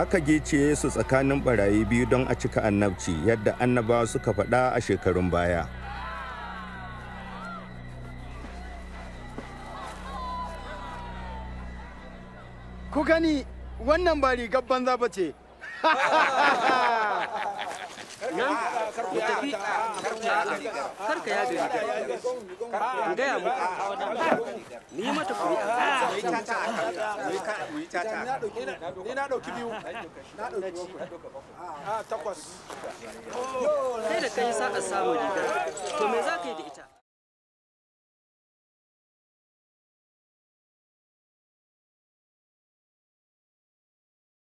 aka gece su tsakanin barayi biyu don a cika annabci yadda annabawa suka faɗa a shekarun baya. Ku gani wannan ba rigar banza ba ce. karka yaje ka gaya mu ni mata ku yi tata mu yi tata ni na dauki biyu na dauki a ah, takwas sai da kai sa'a samu riga to me